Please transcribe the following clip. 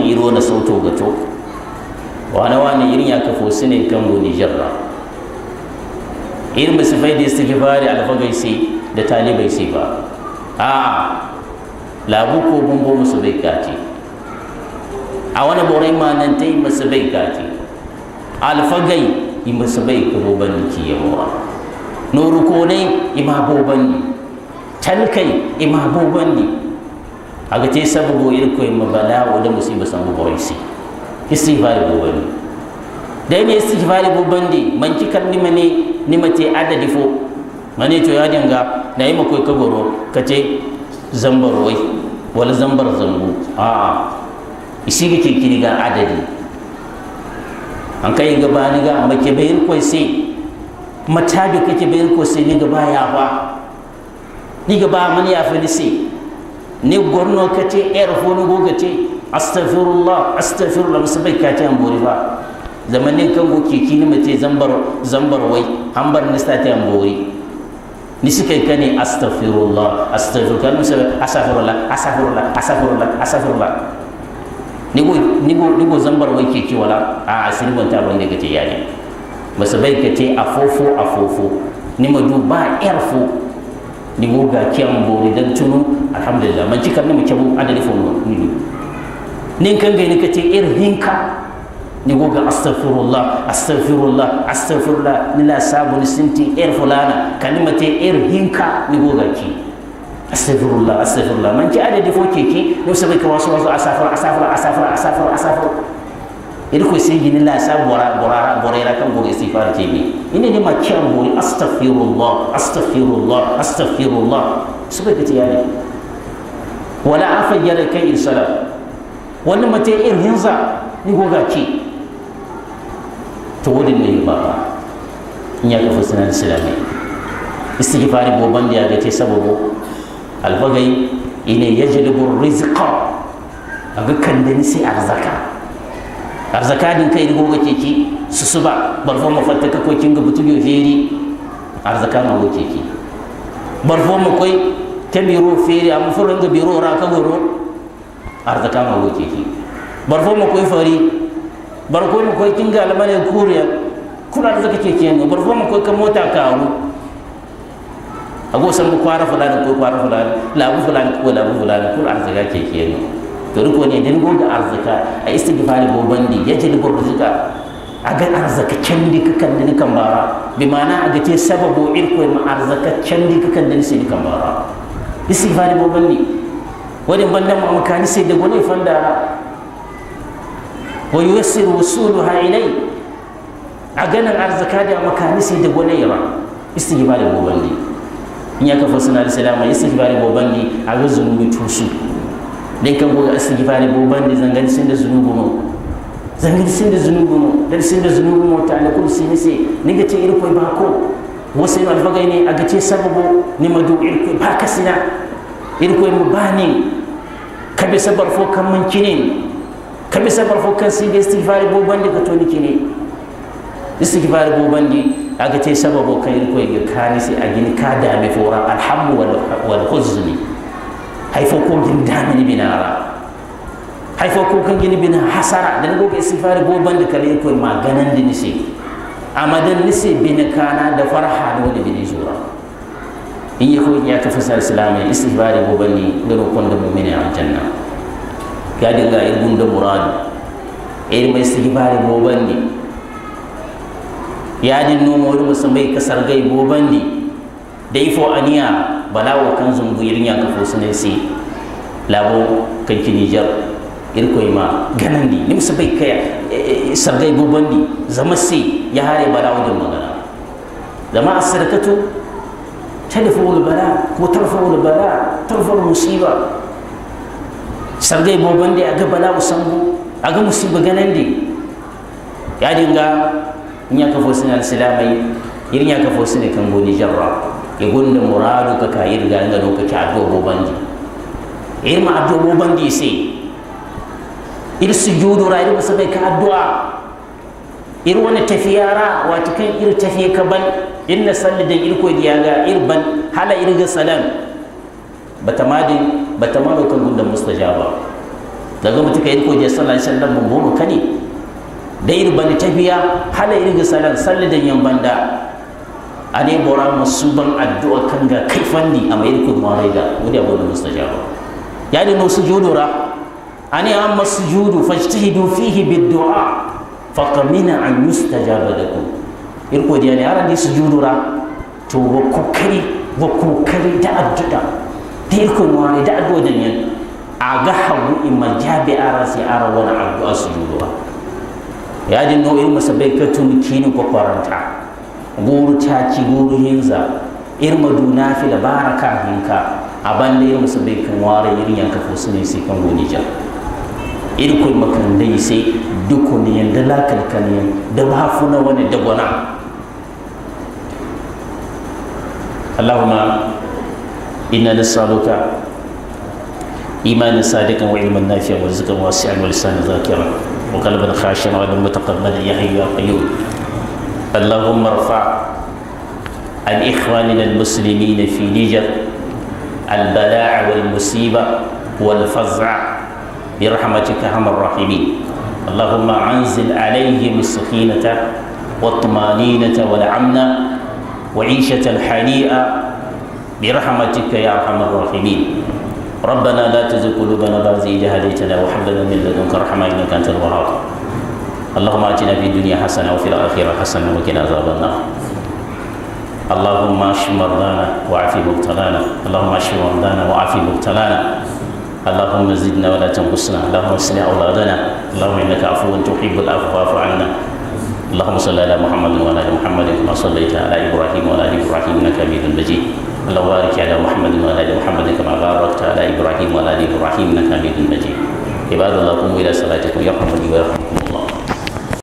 kan iro na sauto gato wana wani irin ya kafo su ne kan goni jarra irin musu su faidi su ki fari alfagai sai da talibai sai ba a labu ko bumbo musu bai kati a wani borai ma nan ta yi musu bai kati alfagai yi musu bai kuro ban ki yawa noru ko ne ima boban ne talkai ima Aga agate sababu irkoyma bala'o da musiba sambu borisi istighfari bo wani dayni istighfari bo bandi manci kandi mani nimate adadi fo mane to yadinga ka koy ka kate zambar wai wala zambar zambu a'a a kirkiri ga adadi an kai ga ni ga amma ke bayin koy mata da kake bayin ko sai ni ba ya fa ni ba mani ya fa ni sai ni gorno kate er fonu go kate astaghfirullah astaghfirullah musabai kate an bori fa zamanin kan go kiki ni mate zambar zambar wai an bar ni state an bori ni suke kane astaghfirullah astaghfirullah musabai astaghfirullah astaghfirullah astaghfirullah astaghfirullah ni go ni go ni go zambar wai kiki wala a asiri bonta ban da kate yani musabai kate afofo afofo ni ma du ba er fo ni woga kiyam bori dan tunu alhamdulillah man cikar ni mu kebu adali fo no ni nin kan ga ni kace ir hinka ni woga astaghfirullah astaghfirullah astaghfirullah ni la sabu ni sinti ir fulana kalimate ir hinka ni woga ki astaghfirullah astaghfirullah man ci adadi fo ki ni sabai ka wasu wasu asafar asafar asafar asafar asafar ir ko sai gini la sa bora bora bora kan go istighfar jimi ina ne ma kiyan go astaghfirullah astaghfirullah astaghfirullah suka kace yani wala afa yare kai insala wani mace ir hinza ni go ga ki to wani ne ba in ya kafa sunan islami istighfar bo bandi ya gace sababu albagai ina yajlibu rizqa aga kandani sai arzaka ar kai rigo ga keki susuba barfo ma fatta ka ko kinga butugo feri arzakan zakana go keki barfo mu koy ta biro feri am furan ga biro ra ka goro arzakan zakana go keki barfo mu koy fari barko ma koy kinga almane kuriya kula da zaka keke ne barfo mu koy ka mota ka a ago san ko da fulani ko kwara la bu fulani ko bu fulani kul arzaka keke ne riko ne goga arzika a istighfari go bandi arzika a ga arzika candi kakan dini kan bara bi mana ga te sababu irko ma arzaka candi kakan dini sai kan bara istighfari go bandi wani banda mu amkani sai da gone fanda wa yusir wusuluha ilai aganan arzika da amkani sai da gone yaba istighfari go bandi in ya kafa sunan salama istighfari go bandi ga zunubi tusu dai kan goga istighfar bo bande zangan da zunubu mo zangan da zunubu mo sin da zunubu mo ta ala kul sine se ni ga ce koi ba ko wasai alfagai ne a ga ce sababu ni madu koi ba kasina koi mu bani bi sabar fo kan mun ka bi sabar fo kan sin da istighfar bo bande ka to ni kinin istighfar bo a ga ce sababu kan koi ga kani sai a gini ka dame fora alhamdu wal khuzni Haifokokin fo ko gin damini binara hay fo ko kan gin bin hasara dan go ga istighfar go bande kale ko ma ganan din se amadan nise bin kana da farha da wani bin zura. in yi ko ya ka fasar islamai istighfar go bani da rokon da mu'mini a janna ya dinga irbun da muradu irin mai istighfar go bani yadin nomo wani musamman kasar gai goban ne da ifo aniya balawo kan zungu irin ya musulunsi labo kanki nijar irkoy ma ni ni sa bai kaya eh, eh, sargai bu ni zama si ya hare bala wajen magana zama asirkatu tadfa'ul bala ko tarfa'ul bala tarfa'ul musiba sargay bu a ga bala usambu ga musiba ni ya dinga in ya fo sunan silamai yirnya ka fo sine kan goni jarra ya gonda muradu ka ka yirga nga no ka ta do bobanji e eh, ma do bobanji se ir sujudu ra ir musabe ka addu'a ir wani tafiyara wata kan ir tafiye ka ban in na salli da ir ko diyaga ir ban hala ir ga salam ta batamado kan gunda mustajaba daga mutuka ir ko je sallallahu alaihi wasallam mun mu kani da ir ban tafiya hala ir ga salam salli da yan banda ane bora masuban addu'a kan ga kai fandi ama yedi ko wani abu da mustajaba yani no sujudu ra ane amma sujudu fajtahidu fihi bid fa qamina an yustajaba lakum irko di ne su sujudu ra to wa kokari wa kokari da addu'a da irko mare da addu'a da yan aga hawu si ara wala addu'a sujudu ra yadi no irma sabai katun kini ko faranta. guru caci guru hinza irma duna fila baraka hinka abanda irma bai kan ware irin yanka ne sai kan gonija irkul makan dai sai dukuniyan da lakalkaniyan da funa wani da gona Allahumma inna nas'aluka إيمانا صادقا وعلما نافعا ورزقا واسعا ولسانا ذاكرا وقلبا خاشعا وقلبا متقبلا يا حي يا قيوم اللهم ارفع عن إخواننا المسلمين في نجر البلاء والمصيبة والفزع برحمتك أرحم الراحمين اللهم أنزل عليهم السكينة والطمانينة والأمن وعيشة الحنيئة برحمتك يا أرحم الراحمين ربنا لا تزغ قلوبنا بعد إذ هديتنا وهب لنا من لدنك رحمة إنك أنت الوهاب اللهم اتنا في الدنيا حسنه وفي الاخره حسنه وقنا عذاب النار اللهم اشف مرضانا وعاف مبتلانا اللهم اشف مرضانا وعاف مبتلانا اللهم زدنا ولا تنقصنا اللهم اصلح اولادنا اللهم انك عفو تحب العفو فاعف عنا اللهم صل على محمد وعلى ال محمد كما صليت على ابراهيم وعلى ال ابراهيم انك حميد مجيد اللهم بارك على محمد وعلى ال محمد كما باركت على ابراهيم وعلى ال ابراهيم انك حميد مجيد عباد الله قوموا الى صلاتكم يرحمني ويرحمكم